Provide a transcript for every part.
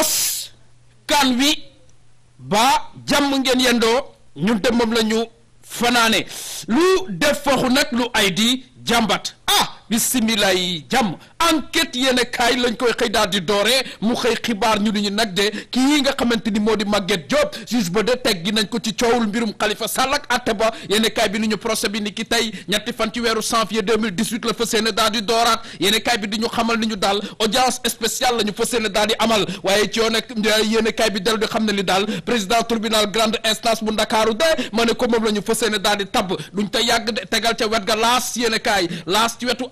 askan wi ba jàmm ngeen yendoo ñun de moom la fanaane lu def faxu nag lu ay di jàmbat ah bisimilah yi jàmm enquête yéen a kaay lañ koy xëy daal di dooree mu xëy xibaar ñu nu ñu nag de kii nga xamante ni moo di Maguette Diop juge ba de teg gi nañ ko ci coowul mbirum Khalifa Sall ak atte ba yéen a bi ni ñu procès bi ni ki tey ñetti fan ci la fas yéene daal di a kaay ñu xamal ni ñu daal audience spéciale la ñu fas daal di amal waaye ci yoon ak yéen bi dellu di xam na li daal président tribunal grande instance bu Ndakaaru de ma ne ko moom la ñu fas yéene daal di tabb duñ te yàgg de tegal ca wet ga laas yéen a kaay laas ci wetu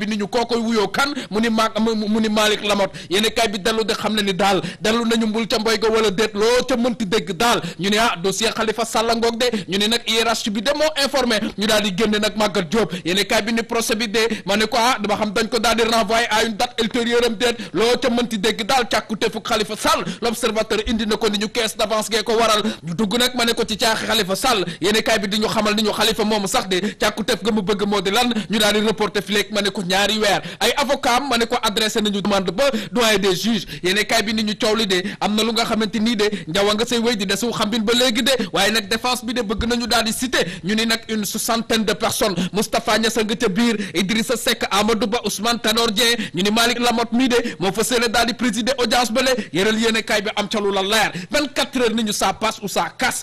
bi ni ñu koo koy wuyoo kan mu ni maag mu ni Malick Lamotte yéen kay bi dellu de xam ne ni daal dellu nañu mbul ca mboy ga wala déet loo ca mënti dégg daal ñu ne ah dossier Khalifa Sall ngoog de ñu ne nag IRH bi de moo informé ñu daal di génne nag Maguette Diop yéen kay bi ni procès bi de ne ko ah xam dañ ko daal di renvoyé à une date ultérieure am déet loo ca mënti dégg daal càkkutéefu Khalifa Sall l'observateur indi na ko ñu caisse d'avance gee ko waral ñu dugg nag ma ne ko ci caaxi Khalifa Sall yéen bi di ñu xamal ni ñu Khalifa moomu sax de càkkutéef nga mu bëgg moo di lan ñu daal di reporté ma ne ko ñaari weer avocat ma ne ko adressé nañu demande ba doyen des juges yéene bi ni ñu coow li de am na lu nga xamante de njawa nga say wéy di desu xambin ba léegi de waaye nag défense bi de bëgg nañu daal di cité ñu ni nag une soixantaine de personnes Moustapha Niass ca biir Idrissa Seck Amadou Ba Ousmane Tanor ñu ni Malick Lamotte mii de moo fas yéene daal di présider audience ba le yëral yéene bi am ca lu la leer 24 heures ni ñu ça passe ou ça casse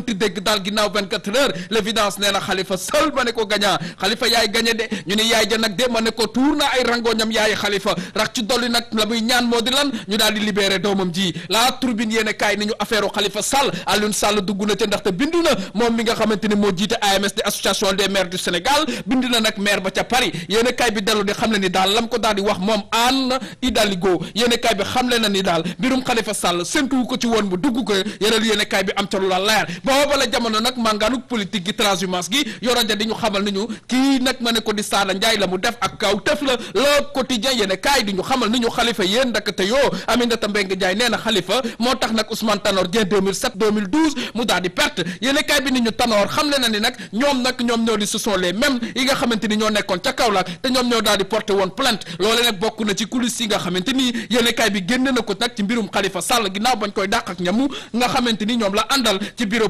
mënti dégg daal ginnaaw 24 heures l' évidence nee na xalifa seul ma ne ko gagnant xalifa yaay gagné de ñu ne yaay ja nag de ma ne ko tuur na ay rangoñam yaay xalifa rax ci dolli nag la muy ñaan moo di lan ñu daal di libéré doomam ji la tribune yéen a kaay affaire xalifa Sall Alioune Sall dugg na ca ndaxte bind na moom mi nga xamante ni moo jiite AMS di association des maires du Sénégal bind na nag maire ba ca Paris yéen kaay bi dellu di xam le ni daal lam ko daal di wax moom Anne Hidalgo yéen a kaay bi xam le na ni daal mbirum xalifa Sall séntuwu ko ci woon bu dugg ko yeneen yéen bi am ca la leer booba la jamono nag màngaanuk politique gi transhumance gi yoroja di ñu xamal ni ñu kii nag ma ne ko di saala Njaay la mu def ak kaw tëf la le quotidien yéen kaay xamal ni ñu xalifa yéen ndakate yoo Aminata Mbengue Ndiaye nee na xalifa moo tax nag Ousmane Tanor Dieng 2007 2012 mu daal di perte yéen kaay bi ni ñu Tanor xam ne na ni nag ñoom nag ñoom ñoo di ce sont les yi nga xamante ni ñoo nekkoon ca Kaolack te ñoom ñoo daal di porté woon plainte loole nag bokk na ci coulisse yi nga xamante ni yéen bi génne na ko nag ci mbirum xalifa Sall ginnaaw bañ koy dàq ak ñamu nga xamante ni ñoom la àndal ci bureau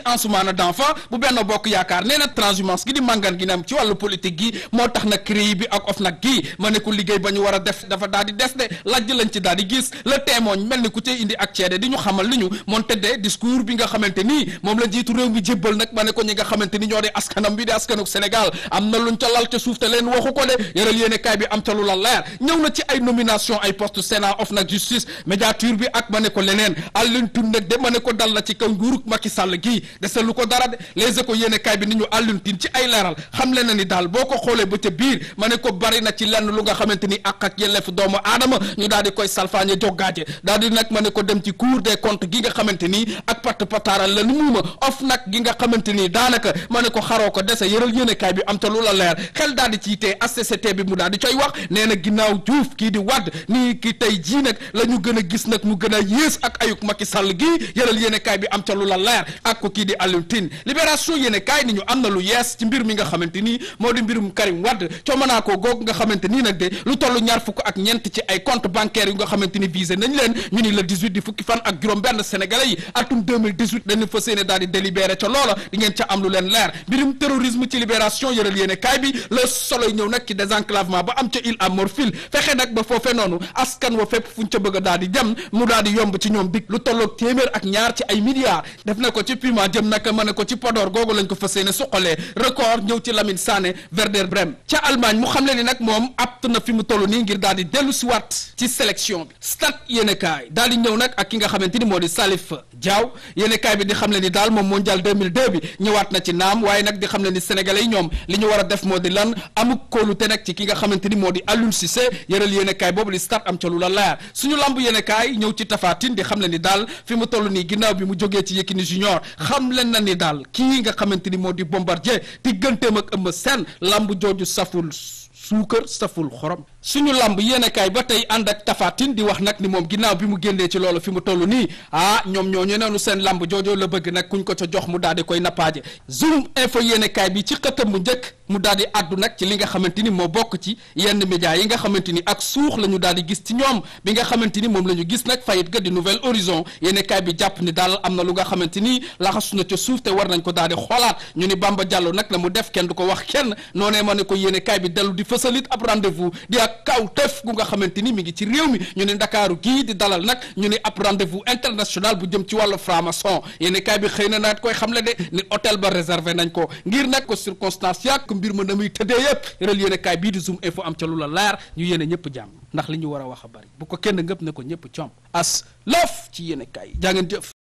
ci Ansoumana Danfa bu benn bokk yaakaar nee na transhumance gi di màngaan gi nam ci wàllu politique gi moo tax nag CREI bi ak OFNAC gi ma ne ko liggéey ba ñu war a def dafa daal di des de lajj lañ ci daal di gis le témoigne mel ni ku cay indi ak ceede di ñu xamal li ñu moonte de discours bi nga xamante nii moom la jiitu réew mi jébbal nag ma ne ko ñi nga xamante ni ñoo di askanam bi di askanuk Sénégal am na luñ ca lal ca suuf te leen waxu ko de yëral bi am ca lu la ñëw na ci ay nomination ay poste Sénat OFNAC justice médiature bi ak ma ne ko leneen Alioune Tine nag de ma ne ko dal na ci kaw nguurug Macky Sall gi desalu ko dara de les ko yéene bi ni ñu Alioune Tine ci ay leeral xam le na ni daal boo ko xoolee ba ca biir ma ne ko bari na ci lenn lu nga xamante ni ak ak yelleef doomu aadama ñu daal di koy salfaañe joggaaje daal di nag ma ne ko dem ci cour des comptes gi nga xamante nii ak patt pataaral la nu muuma of nag gi nga xamante nii daanaka ma ne ko xaroo ko dese yëral yéene bi am te lu la leer xel daal di ci tee HCCT bi mu daal di coy wax nee na ginnaaw Diouf kii di Wade nii ki tey jii nag la ñu gën a gis nag mu gën a yées ak ayuk Macky Sall gii yëral yéene bi am te lu la leer kii di Alioune Tine libération yéene kaay ni ñu am na lu yees ci mbir mi nga xamante nii moo di mbirum Karim Wade comanaa ko googu nga xamante nag de lu toll ñaar fukk ak ñeent ci ay compte bancaire yu nga xamante visé nañ leen ñu ni le di fukki fan ak juróom benn sénégalais yi atum 2018 dañu fa di délibéré ca loola di ngeen ca am lu leen leer mbirum terrorisme ci libération yëral yéene kaay bi le soloy ñëw nag ci désenclavement ba am ca daal di jëm mu daal di yomb ci ñoom big jëm naka ma ne ko ci Podor googu lañ ko fas yéene suqalee record ñëw ci Lamine Sané Werder Bremen ca Allemagne mu xam le ni nag moom apt na fi mu toll nii ngir daal di dellu si waat ci sélection bi stade yéene kaay daal di ñëw nag ak ki nga xamante ni moo di Salif jaaw yéene bi di xam le ni daal moom mondial 2002 bi ñëwaat na ci naam waaye nag di xam le ni sénégalais yi ñoom li ñu war a def moo di lan amuk kóolute nag ci ki nga xamante ni moo di Aliou Cissé yëral yéene kaay boobu di stade am ca lu la laar suñu lamb yéene kaay ñëw ci Tapha Tine di xam le ni daal fi mu toll nii ginnaaw bi mu jógee ci Yékini Junior xam leen na ni daal kii nga xamante ni moo di bombardier digganteem ak Eumeu Sène lamb jooju saful suukar saful xorom suñu làmb yéenekaay ba tey ànd ak tafaatin di wax nag ni moom ginnaaw bi mu génnee ci loolu fi mu toll nii ah ñoom ñooñu neenu seen lamb joojoo la bëgg nag kuñ ko ca jox mu daal di koy nappaaje zoom info yéenekaay bi ci xëtam bu njëkk mu daal di àddu nag ci li nga xamante ni moo bokk ci yenn médias yi nga xamante ni ak suux la ñu daal di gis ci ñoom bi nga xamante ni moom la ñu gis nag fayit ga di Nouvel Horizon yéenekaay bi jàpp ni daal am na lu nga xamante ni laxasu na ca suuf te war nañ ko daal di xoolaat ñu ni Bamba Diallo nag la mu def kenn du ko wax kenn noonee ma ne ko yéenekaay bi dellu di fësalit ab rendez-vous ak kawtef gu nga xamante ni mi ngi ci réew mi ñu ne ndakaaru gii di dalal nag ñu ne ab rendez-vous international bu jëm ci wàllu franc-maçon yéeni bi xëy na naat koy xam le de ni hôtel ba réservé nañ ko ngir nag ko circonstance yàq mbir ma na muy tëddee yëpp rel yéen kaay bii di zoom info am ca lu la laar ñu yéene ñëpp jàmm ndax li ñu war a wax a bari bu ko kenn ngëpp na ko ñëpp coom as lëf ci yéen kaay jaa jëf